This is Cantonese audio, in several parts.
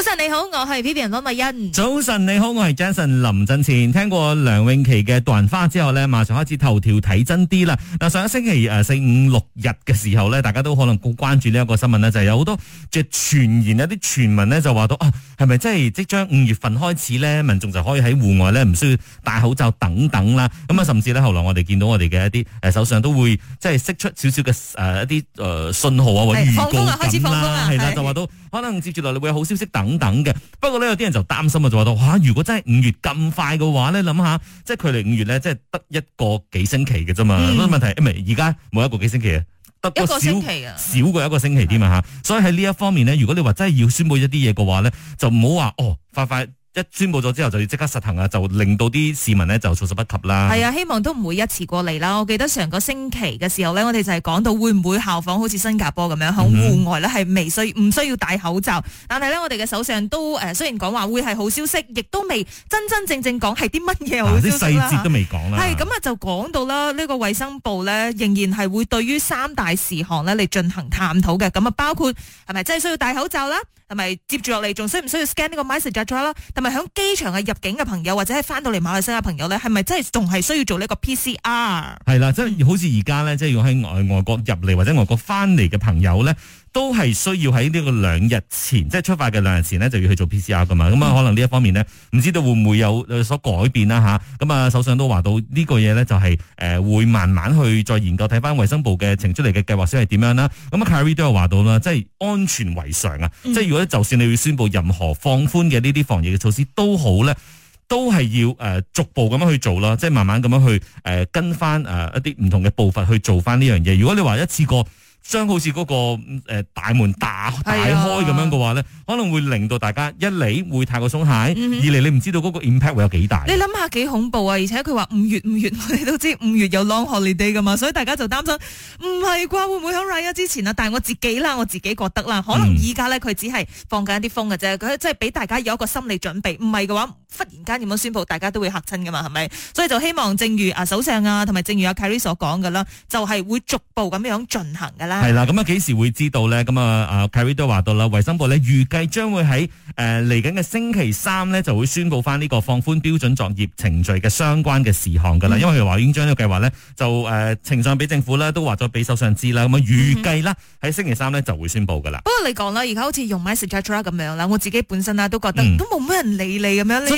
早晨你好，我係 P P 人方慧欣。早晨你好，我係 Jason 林振前。聽過梁詠琪嘅《杜鵑花》之後呢，馬上開始頭條睇真啲啦。嗱，上一星期誒四五六日嘅時候呢，大家都可能關注呢一個新聞呢，就係有好多即係傳言啊，啲傳聞呢，就話到啊，係咪真係即將五月份開始呢？民眾就可以喺戶外呢，唔需要戴口罩等等啦。咁啊，甚至呢，後來我哋見到我哋嘅一啲誒手上都會即係釋出少少嘅誒一啲誒信號啊，或者預告啦，係啦，就話到可能接住落嚟會有好消息等。等等嘅，不過咧有啲人就擔心就啊，就話到，吓如果真係五月咁快嘅話咧，你諗下，即係佢哋五月咧，即係得一個幾星期嘅啫嘛。問題係而家冇一個幾星期啊，得一,一個星期啊，少過一個星期添嘛吓。所以喺呢一方面咧，如果你話真係要宣布一啲嘢嘅話咧，就唔好話哦，快快。一宣布咗之後就要即刻實行啊，就令到啲市民呢就措手不及啦。係啊，希望都唔會一次過嚟啦。我記得上個星期嘅時候呢，我哋就係講到會唔會效仿好似新加坡咁樣喺戶、嗯、外呢係未需唔需要戴口罩？但係呢，我哋嘅首相都誒、呃、雖然講話會係好消息，亦都未真真正正講係啲乜嘢好消息啦。啲細節都未講啦。係咁啊，就講到啦，呢、這個衛生部呢，仍然係會對於三大事項呢嚟進行探討嘅。咁啊，包括係咪真係需要戴口罩啦？係咪接住落嚟仲需唔需要 scan 呢個 message 啊？再咯，同埋喺機場嘅入境嘅朋友，或者係翻到嚟馬來西亞朋友咧，係咪真係仲係需要做呢個 PCR？係啦，即係好似而家咧，即係要喺外外國入嚟或者外國翻嚟嘅朋友咧。都係需要喺呢個兩日前，即、就、係、是、出發嘅兩日前呢，就要去做 PCR 噶嘛。咁、嗯、啊，可能呢一方面呢，唔知道會唔會有所改變啦吓。咁啊，首相都話到呢個嘢呢、就是，就係誒會慢慢去再研究睇翻衛生部嘅呈出嚟嘅計劃先係點樣啦。咁啊 Carrie 都有話到啦，即係安全為上啊、嗯。即係如果就算你要宣布任何放寬嘅呢啲防疫嘅措施都好呢，都係要誒、呃、逐步咁樣去做啦，即係慢慢咁樣去誒、呃、跟翻誒、呃、一啲唔同嘅步伐去做翻呢樣嘢。如果你話一次過。將好似嗰個誒大門打大開咁樣嘅話咧、啊，可能會令到大家一嚟會太過鬆懈，嗯、二嚟你唔知道嗰個 impact 會有幾大。你諗下幾恐怖啊！而且佢話五月五月，我哋都知五月有 Long Holiday 噶嘛，所以大家就擔心，唔係啩？會唔會喺 July 之前啊？但係我自己啦，我自己覺得啦，可能依家咧佢只係放緊一啲風嘅啫，佢即係俾大家有一個心理準備。唔係嘅話。忽然間點樣宣布，大家都會嚇親噶嘛，係咪？所以就希望，正如啊首相啊，同埋正如阿 Kerry 所講噶啦，就係、是、會逐步咁樣進行噶啦。係啦，咁啊幾時會知道咧？咁啊啊 Kerry 都話到啦，衛生部咧預計將會喺誒嚟緊嘅星期三咧就會宣布翻呢個放寬標準作業程序嘅相關嘅事項噶啦。因為佢話已經將呢個計劃咧就誒呈上俾政府咧，都話咗俾首相知啦。咁啊預計啦喺星期三咧就會宣布噶啦，嗯。不過你講啦，而家好似用 my schedule 咁樣啦，我自己本身啊都覺得、嗯、都冇咩人理你咁樣。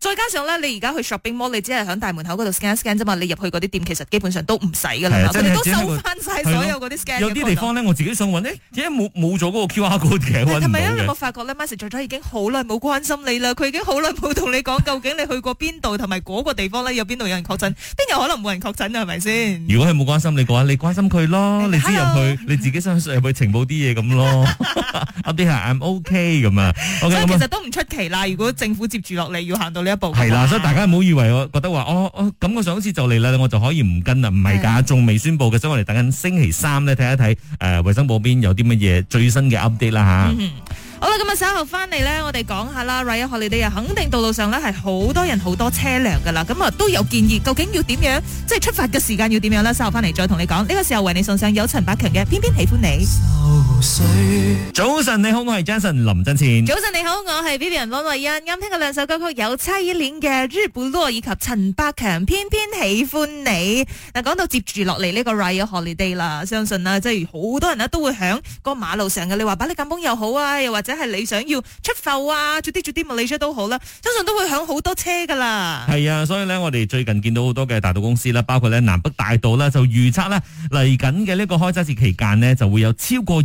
再加上咧，你而家去 shopping mall，你只係喺大門口嗰度 scan scan 啫嘛。你入去嗰啲店，其實基本上都唔使噶啦，你都收翻晒所有嗰啲 scan。有啲地方咧，我自己想問咧，點解冇冇咗嗰個 QR code 嘅？同埋咧，我發覺咧，Macy 做咗已經好耐冇關心你啦。佢已經好耐冇同你講究竟你去過邊度，同埋嗰個地方咧有邊度有人確診，邊日可能冇人確診啊？係咪先？如果佢冇關心你嘅話，你關心佢咯。Hey, 你知入去，hello. 你自己想入去情報啲嘢咁咯。啲係 I'm OK 咁啊。所以其實都唔出奇啦。如果政府接住落嚟，要行到係啦，所以大家唔好以為我覺得話，哦，我咁我上次就嚟啦，我就可以唔跟啦，唔係噶仲未宣布嘅，所以我哋等緊星期三咧睇一睇，誒、呃、衛生部邊有啲乜嘢最新嘅 update 啦、啊、吓。嗯好啦，今日稍後翻嚟咧，我哋講下啦。Raya Holiday、Day、肯定道路上咧係好多人好多車輛噶啦，咁啊都有建議，究竟要點樣即係出發嘅時間要點樣啦？稍後翻嚟再同你講。呢個時候為你送上有陳百強嘅《偏偏喜歡你》。早晨，你好，我係 Jason 林振前。早晨，你好，我係 Vivian 溫慧欣。啱聽過兩首歌曲，有蔡依林嘅《日不落》以及陳百強《偏偏喜歡你》。嗱，講到接住落嚟呢個 Raya Holiday 啦，相信啦即係好多人咧都會響個馬路上嘅。你話把啲夾又好啊，又或者。即係你想要出埠啊，做啲做啲乜嘢出都好啦，相信都會響好多車噶啦。係啊，所以咧，我哋最近見到好多嘅大道公司啦，包括咧南北大道啦，就預測咧嚟緊嘅呢個開齋節期間呢，就會有超過二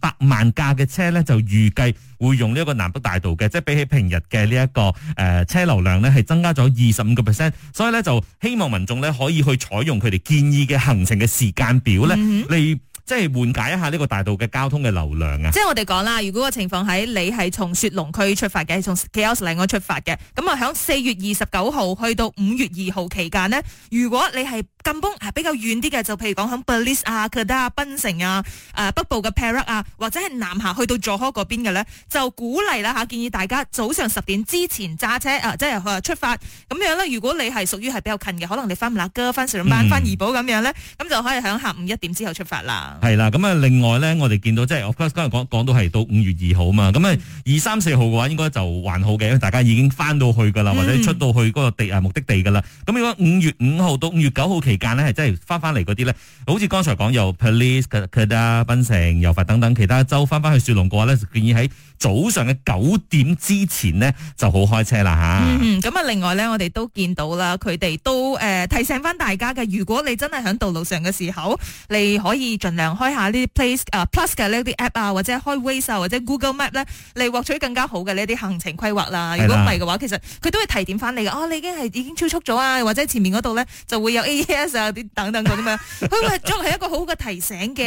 百萬架嘅車咧，就預計會用呢一個南北大道嘅，即係比起平日嘅呢一個誒、呃、車流量咧，係增加咗二十五個 percent。所以咧，就希望民眾咧可以去採用佢哋建議嘅行程嘅時間表咧嚟。嗯即係緩解一下呢個大道嘅交通嘅流量啊。即係我哋講啦，如果個情況喺你係從雪隆區出發嘅，從吉隆坡出發嘅，咁啊喺四月二十九號去到五月二號期間咧，如果你係。近邦係比較遠啲嘅，就譬如講響 Belize 啊、喀達、呃、啊、檳城啊、北部嘅 Perak 啊，或者係南下去到佐科嗰邊嘅咧，就鼓勵啦、啊、建議大家早上十點之前揸車啊，即係、啊、出發咁樣咧。如果你係屬於係比較近嘅，可能你翻唔甩哥翻上班、翻、嗯、怡寶咁樣咧，咁就可以喺下午一點之後出發啦。係啦，咁啊另外咧，我哋見到即係我剛剛講到係到五月二號嘛，咁啊二三四號嘅話應該就還好嘅，因為大家已經翻到去噶啦、嗯，或者出到去嗰個地、啊、目的地噶啦。咁如果五月五號到五月九號期，時間咧係真係翻翻嚟嗰啲咧，好似剛才講由 Police 嘅佢哋啊，檳城、柔佛等等其他州翻翻去雪隆嘅話咧，建議喺早上嘅九點之前咧就好開車啦吓。嗯，咁啊，另外咧，我哋都見到啦，佢哋都誒提醒翻大家嘅，如果你真係響道路上嘅時候，你可以盡量開下呢啲 Place 啊 Plus 嘅呢啲 App 啊，或者開 Waze 或者 Google Map 咧，嚟獲取更加好嘅呢一啲行程規劃啦。如果唔係嘅話，其實佢都會提點翻你嘅。哦，你已經係已經超速咗啊，或者前面嗰度咧就會有 A. 有啲等等咁樣，佢話作係一個好好嘅提醒嘅。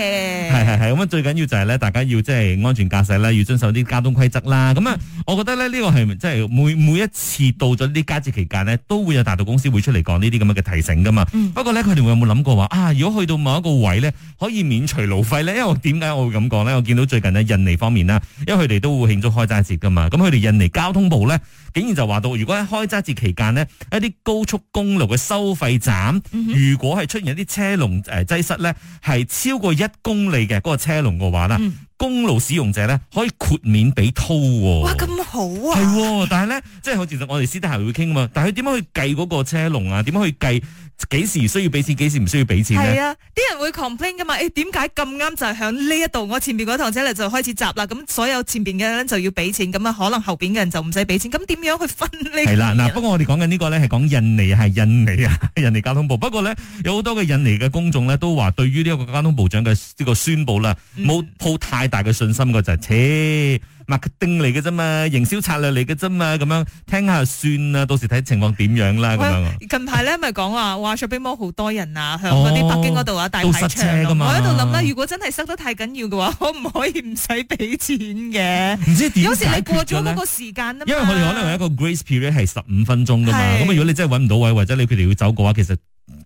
係係係，咁最緊要就係咧，大家要即係安全駕駛啦，要遵守啲交通規則啦。咁、嗯、啊，我覺得咧呢個係即係每每一次到咗呢啲佳節期間咧，都會有大道公司會出嚟講呢啲咁嘅提醒噶嘛、嗯。不過呢，佢哋會有冇諗過話啊？如果去到某一個位呢，可以免除路費呢？因為點解我會咁講呢？我見到最近咧印尼方面啦，因為佢哋都會慶祝開齋節噶嘛。咁佢哋印尼交通部呢，竟然就話到，如果喺開齋節期間呢，一啲高速公路嘅收費站、嗯如果係出現一啲車龍誒擠塞咧，係超過一公里嘅嗰、那個車龍嘅話咧，公、嗯、路使用者咧可以豁免俾掏喎。哇，咁好啊！係，但係咧，即係其實我哋私底下會傾啊，但係佢點樣去計嗰個車龍啊？點樣去計？幾時需要俾錢，幾時唔需要俾錢咧？係啊，啲人會 complain 噶嘛？誒、欸，點解咁啱就喺呢一度？我前邊嗰堂車嚟就開始閘啦，咁所有前邊嘅人就要俾錢，咁啊可能後邊嘅人就唔使俾錢。咁點樣去分呢？係啦、啊，嗱、啊，不過我哋講緊呢個咧係講印尼，係印尼啊，印尼交通部。不過咧有好多嘅印尼嘅公眾咧都話，對於呢個交通部長嘅呢個宣布啦，冇、嗯、抱太大嘅信心噶就係、是，切、嗯，麥、欸、丁嚟嘅啫嘛，營銷策略嚟嘅啫嘛，咁樣聽下算啦，到時睇情況點樣啦，咁樣。近排咧咪講話話。 外出冰魔好多人啊，響嗰啲北京嗰度啊，大排塞車嘛。我喺度諗啦，如果真係塞得太緊要嘅話，可唔可以唔使俾錢嘅？唔知點有時你過咗嗰個時間啊，因為我哋可能係一個 grace period 係十五分鐘噶嘛，咁啊，如果你真係搵唔到位，或者你佢哋要走嘅話，其實。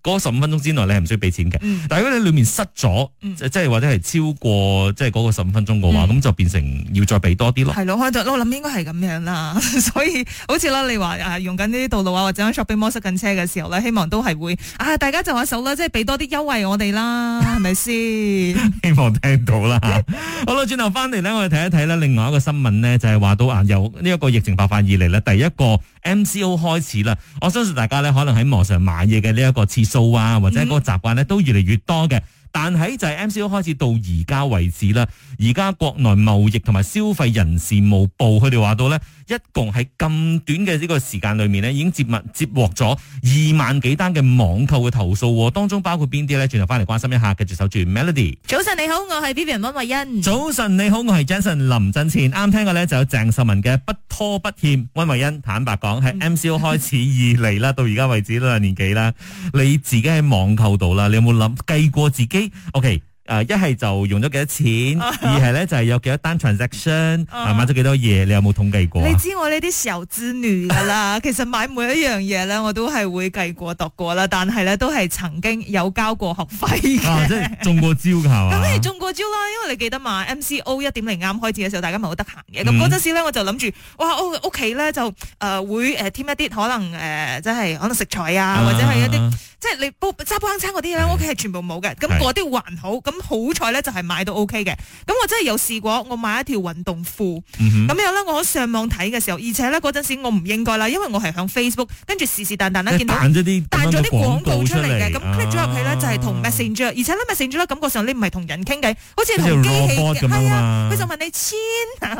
嗰十五分鐘之內你係唔需要俾錢嘅、嗯，但如果你裏面塞咗，即、嗯、係或者係超過即係嗰個十五分鐘嘅話，咁、嗯、就變成要再俾多啲咯。係咯，我我諗應該係咁樣啦。 所以好似啦，你話啊用緊呢啲道路啊或者喺 Shopping Mall 塞緊車嘅時候咧，希望都係會啊大家就手一手啦，即係俾多啲優惠我哋啦，係咪先？希望聽到啦。 好啦，轉頭翻嚟咧，我哋睇一睇呢另外一個新聞呢，就係話到啊由呢一個疫情爆發以嚟呢，第一個 MCO 開始啦。我相信大家呢，可能喺網上買嘢嘅呢一個次數。做啊，或者嗰個習慣咧，都越嚟越多嘅。但喺就係 MCO 開始到而家為止啦，而家國內貿易同埋消費人事務部，佢哋話到咧，一共喺咁短嘅呢個時間裏面咧，已經接物接獲咗二萬幾單嘅網購嘅投訴，當中包括邊啲咧？轉頭翻嚟關心一下，繼續守住 Melody。早晨你好，我係 Vivian 溫慧欣。早晨你好，我係 Jason 林振前。啱聽嘅咧就有鄭秀文嘅不拖不欠，溫慧欣坦白講喺 MCO 開始以嚟啦， 到而家為止兩年幾啦，你自己喺網購度啦，你有冇諗計過自己？O K，誒，一係就用咗幾多錢，二係咧就係有幾多單 transaction，啊，uh, 買咗幾多嘢，uh, 你有冇統計過？你知我呢啲小資女噶啦， 其實買每一樣嘢咧，我都係會計過、讀過啦，但係咧都係曾經有交過學費。啊，即係中過招噶。咁 你中過招啦， 因為你記得嘛，M C O 一點零啱開始嘅時候，大家咪好得閒嘅。咁嗰陣時咧，我就諗住，哇，屋屋企咧就誒、呃、會誒添一啲可能誒、呃，即係可能食材啊，或者係一啲。Uh, uh, uh. 即係你包揸包廂嗰啲咧，我屋企係全部冇嘅。咁嗰啲還好，咁好彩咧就係買到 OK 嘅。咁我真係有試過，我買一條運動褲，咁樣咧我上網睇嘅時候，而且咧嗰陣時我唔應該啦，因為我係響 Facebook，跟住時時彈彈咧見到彈咗啲彈咗啲廣告出嚟嘅，咁 click 咗入去咧就係同 Messenger，而且咧 Messenger 咧感覺上你唔係同人傾偈，好似同機器嘅，係啊，佢就問你簽，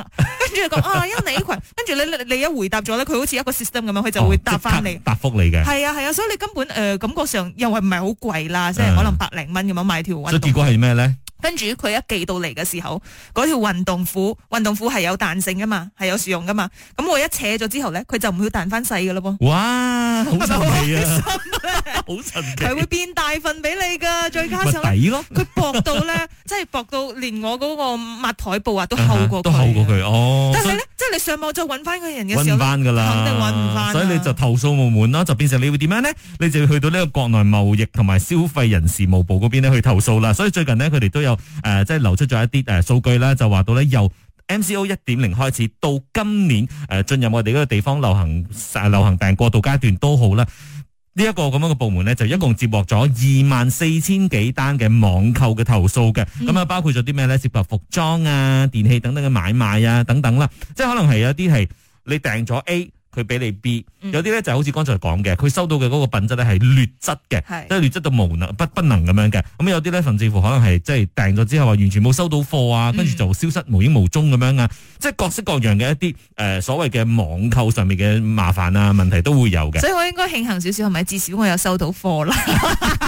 跟住佢講啊，因為你群，跟住你你你一回答咗咧，佢好似一個 system 咁樣，佢就會答翻你，答覆你嘅，係啊係啊，所以你根本誒感覺。又因唔係好貴啦，即係可能百零蚊咁樣買條、嗯。所以結果係咩咧？跟住佢一寄到嚟嘅時候，嗰條運動褲，運動褲係有彈性噶嘛，係有試用噶嘛。咁我一扯咗之後咧，佢就唔會彈翻細噶咯噃。哇！好神奇啊是是！好 神奇，啊，係會變大份俾你噶，再加上佢薄到咧，即係薄到連我嗰個抹台布啊都厚過， 都厚過佢哦。但係咧，即係你上網再搵翻嗰人嘅時候，搵唔翻噶啦，肯定搵唔翻。所以你就投訴無門啦，就變成你會點樣呢？你就要去到呢個國內貿易同埋消費人事務部嗰邊咧去投訴啦。所以最近呢，佢哋都有誒、呃，即係流出咗一啲誒數據啦，就話到咧又。MCO 一點零開始到今年誒，進入我哋嗰個地方流行流行病過渡階段都好啦。呢、這、一個咁樣嘅部門咧，就一共接獲咗二萬四千幾單嘅網購嘅投訴嘅。咁啊，包括咗啲咩咧？涉及服裝啊、電器等等嘅買賣啊等等啦。即係可能係有啲係你訂咗 A。佢俾你 B，有啲咧就係、好似剛才講嘅，佢收到嘅嗰個品質咧係劣質嘅，即係劣質到無能不不能咁樣嘅。咁有啲咧甚至乎可能係即係訂咗之後啊，完全冇收到貨啊，跟、嗯、住就消失無影無蹤咁樣啊，即係各式各樣嘅一啲誒、呃、所謂嘅網購上面嘅麻煩啊問題都會有嘅。所以我應該慶幸少少係咪？是是至少我有收到貨啦。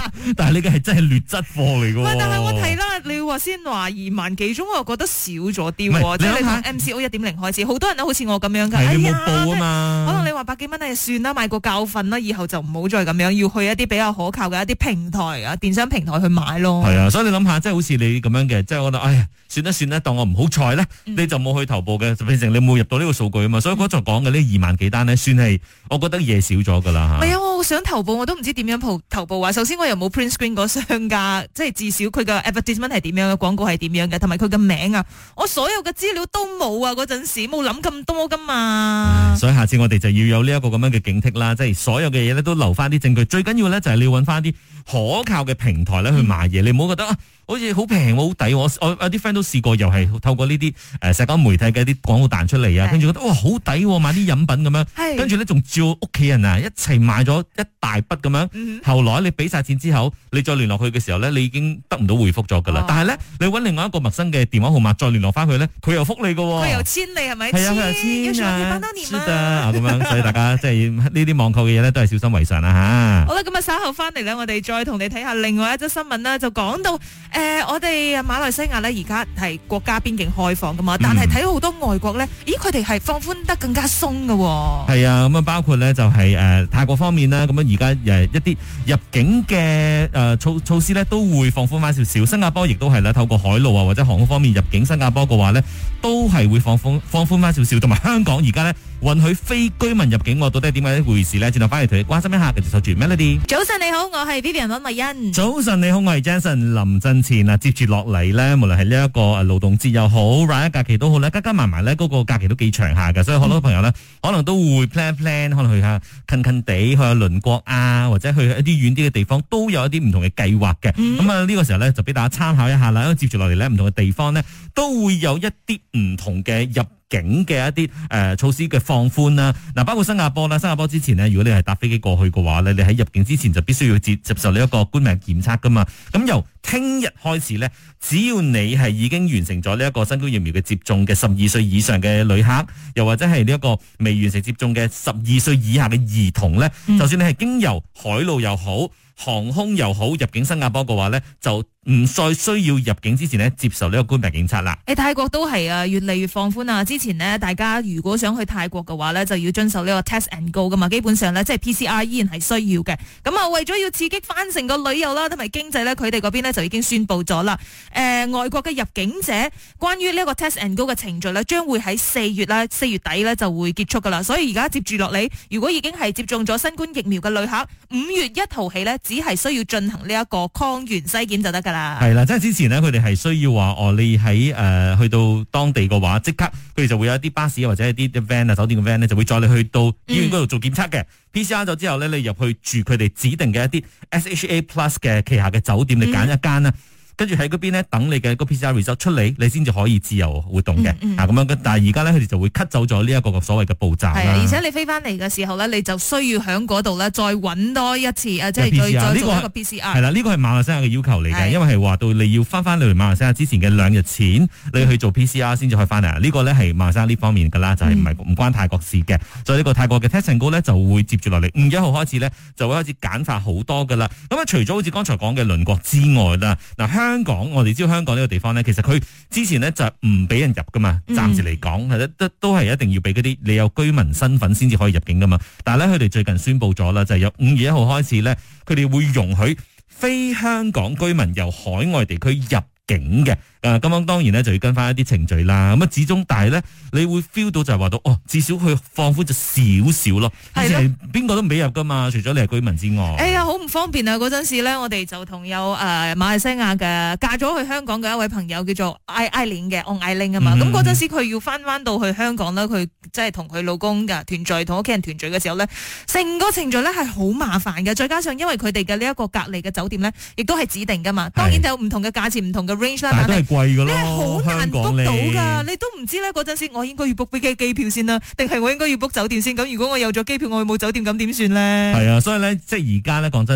但係呢個係真係劣質貨嚟噶喎！唔係，但係我睇啦，你話先話二萬幾宗，我又覺得少咗啲。即係，你諗下 MCO 一點零開始，好多人都好似我咁樣噶。係冇報啊嘛！可能你話百幾蚊啊，哎就是、就算啦，買個教訓啦，以後就唔好再咁樣，要去一啲比較可靠嘅一啲平台啊，電商平台去買咯。係啊，所以你諗下，即、就、係、是、好似你咁樣嘅，即、就、係、是、我覺得，哎呀，算一算啦，當我唔好彩咧，你就冇去投報嘅，就變成你冇入到呢個數據啊嘛。所以我就講嘅呢二萬幾單呢、嗯，算係我覺得嘢少咗噶啦係啊。我想投報我都唔知點樣投投報啊！首先我又冇 print screen 個商家，即係至少佢嘅 advertisement 係點樣嘅廣告係點樣嘅，同埋佢嘅名啊，我所有嘅資料都冇啊！嗰陣時冇諗咁多噶嘛，所以下次我哋就要有呢一個咁樣嘅警惕啦，即係所有嘅嘢咧都留翻啲證據，最緊要咧就係你搵翻啲可靠嘅平台咧去賣嘢、嗯，你唔好覺得。好似好平，好抵，我我有啲 friend 都試過，又係透過呢啲誒社交媒體嘅一啲廣告彈出嚟啊，跟住覺得哇好抵，買啲飲品咁樣，跟住咧仲照屋企人啊一齊買咗一大筆咁樣。後來你俾晒錢之後，你再聯絡佢嘅時候咧，你已經得唔到回覆咗噶啦。但係咧，你揾另外一個陌生嘅電話號碼再聯絡翻佢咧，佢又覆你㗎，佢又簽你係咪？係啊，佢又簽啊，要長年翻多年啦，咁、啊啊、樣。所以大家即係呢啲網購嘅嘢咧，都係小心為上啦嚇、嗯啊。好啦，咁啊稍後翻嚟咧，我哋再同你睇下另外一則新聞啦，就講到。誒、呃，我哋馬來西亞呢而家係國家邊境開放噶嘛，但係睇到好多外國呢，嗯、咦，佢哋係放寬得更加鬆噶、哦。係啊，咁樣包括呢就係、是、誒、呃、泰國方面啦，咁樣而家誒一啲入境嘅誒、呃、措措施呢都會放寬翻少少。新加坡亦都係啦，透過海路啊或者航空方面入境新加坡嘅話點點呢，都係會放寬放寬翻少少。同埋香港而家呢。允許非居民入境，我到底係點解一回事咧？轉頭翻嚟同你關心一下。繼續守住 Melody。早晨你好，我係 Vivian 温蜜欣。早晨你好，我係 Jason 林振前啊。接住落嚟咧，無論係呢一個誒勞動節又好，五一假期都好咧，加加埋埋咧，嗰個假期都幾長下嘅。所以好多朋友咧，可能都會 plan plan，可能去下近近地，去下鄰國啊，或者去一啲遠啲嘅地方，都有一啲唔同嘅計劃嘅。咁啊，呢個時候咧就俾大家參考一下啦。因為接住落嚟咧，唔同嘅地方咧，都會有一啲唔同嘅入。境嘅一啲誒、呃、措施嘅放寬啦，嗱，包括新加坡啦，新加坡之前咧，如果你係搭飛機過去嘅話，咧，你喺入境之前就必須要接接受你一個冠病檢測噶嘛，咁由。聽日開始呢，只要你係已經完成咗呢一個新冠疫苗嘅接種嘅十二歲以上嘅旅客，又或者係呢一個未完成接種嘅十二歲以下嘅兒童呢、嗯，就算你係經由海路又好、航空又好入境新加坡嘅話呢，就唔再需要入境之前咧接受呢個冠病檢測啦。誒，泰國都係啊，越嚟越放寬啊！之前呢，大家如果想去泰國嘅話呢，就要遵守呢個 test and go 噶嘛，基本上呢，即係 PCR 依然係需要嘅。咁啊，為咗要刺激翻成個旅遊啦同埋經濟呢，佢哋嗰邊呢。就已經宣布咗啦，誒、呃，外國嘅入境者，關於呢一個 test and go 嘅程序咧，將會喺四月啦，四月底咧就會結束噶啦。所以而家接住落嚟，如果已經係接種咗新冠疫苗嘅旅客，五月一號起呢，只係需要進行呢一個抗原篩檢就得噶啦。係啦，即係之前呢，佢哋係需要話，哦，你喺誒、呃、去到當地嘅話，即刻佢哋就會有一啲巴士或者一啲啊，酒店嘅 van 呢，就會載你去到醫院嗰度做檢測嘅。PCR 咗之後呢，你入去住佢哋指定嘅一啲 SHA Plus 嘅旗下嘅酒店，你揀一。家呢？跟住喺嗰邊咧等你嘅個 PCR result 出嚟，你先至可以自由活動嘅。咁、嗯、樣、嗯啊,但係而家咧佢哋就會 cut 走咗呢一個所謂嘅步驟。而且你飛翻嚟嘅時候咧，你就需要喺嗰度咧再搵多一次 PCR, 即係再、這個、再做一個 PCR。係啦，呢、這個係馬來西亞嘅要求嚟嘅，因為係話到你要翻翻嚟馬來西亞之前嘅兩日前，你去做 PCR 先至可以翻嚟。呢、這個咧係馬來西亞呢方面噶啦，就係唔係唔關泰國的事嘅、嗯。所以呢個泰國嘅 testing 高 test and go 咧就會接住落嚟，五月一號開始咧就會開始簡化好多噶啦。咁啊，除咗好似剛才講嘅鄰國之外啦，嗱香。香港，我哋知道香港呢個地方呢，其實佢之前呢就唔俾人入噶嘛，暫時嚟講係都係一定要俾嗰啲你有居民身份先至可以入境噶嘛。但係咧，佢哋最近宣布咗啦，就係由五月一號開始呢，佢哋會容許非香港居民由海外地區入境嘅。咁啊，當然呢，就要跟翻一啲程序啦。咁啊，始終但係呢，你會 feel 到就係話到，哦，至少佢放寬咗少少咯。而且係邊個都唔俾入噶嘛，除咗你係居民之外。哎方便啊！嗰陣時咧，我哋就同有誒馬來西亞嘅嫁咗去香港嘅一位朋友叫做 I I Ling 嘅，我 I Ling 啊嘛。咁嗰陣時佢要翻翻到去香港啦。佢即係同佢老公嘅團聚，同屋企人團聚嘅時候咧，成個程序咧係好麻煩嘅。再加上因為佢哋嘅呢一個隔離嘅酒店咧，亦都係指定噶嘛。當然就有唔同嘅價錢，唔同嘅 range 啦。但係都係貴噶咯。你好難 book 到噶，你都唔知咧。嗰陣時我應該要 book 飛機嘅機票先啦，定係我應該要 book 酒店先？咁如果我有咗機票，我去冇酒店，咁點算咧？係啊，所以咧，即係而家咧，講真。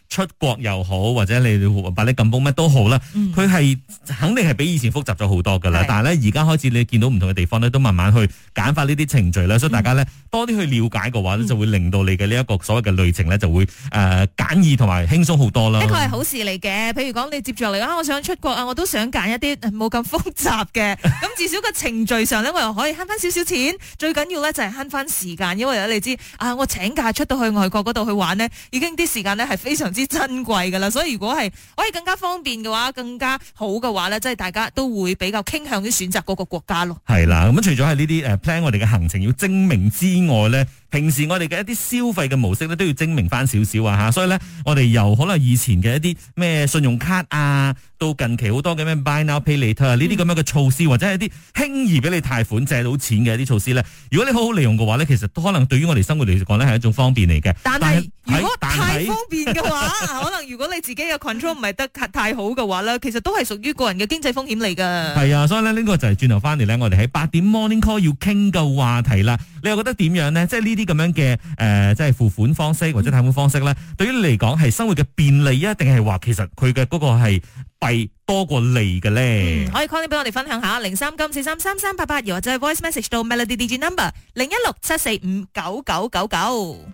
出國又好，或者你把你咁禁乜都好啦，佢係肯定係比以前複雜咗好多噶啦。但係咧，而家開始你見到唔同嘅地方咧，都慢慢去簡化呢啲程序咧，所以大家咧多啲去了解嘅話咧、嗯，就會令到你嘅呢一個所謂嘅旅程咧，就會誒、呃、簡易同埋輕鬆好多啦。呢個係好事嚟嘅，譬如講你接住嚟講，我想出國啊，我都想揀一啲冇咁複雜嘅，咁至少個程序上咧， 我又可以慳翻少少錢。最緊要咧就係慳翻時間，因為你知啊，我請假出到去外國嗰度去玩呢，已經啲時間咧係非常之，珍貴噶啦，所以如果係可以更加方便嘅話，更加好嘅話咧，即係大家都會比較傾向於選擇嗰個國家咯。係啦，咁除咗係呢啲誒 plan 我哋嘅行程要精明之外咧，平時我哋嘅一啲消費嘅模式咧都要精明翻少少啊吓。所以咧，我哋由可能以前嘅一啲咩信用卡啊，到近期好多嘅咩 buy now pay later 呢啲咁樣嘅措施、嗯，或者係一啲輕易俾你貸款借到錢嘅一啲措施咧，如果你好好利用嘅話咧，其實都可能對於我哋生活嚟講咧係一種方便嚟嘅。但係如果太方便嘅話， 可能如果你自己嘅 control 唔係得太好嘅話咧，其實都係屬於個人嘅經濟風險嚟噶。係啊，所以呢，呢個就係轉頭翻嚟咧，我哋喺八點 morning call 要傾嘅話題啦。你又覺得點樣呢？即係呢啲咁樣嘅誒、呃，即係付款方式或者貸款方式咧、嗯，對於你嚟講係生活嘅便利啊，定係話其實佢嘅嗰個係弊多過利嘅咧、嗯？可以 call 你俾我哋分享一下，零三九四三三三八八，又或者係 voice message 到 melody digit number 零一六七四五九九九九。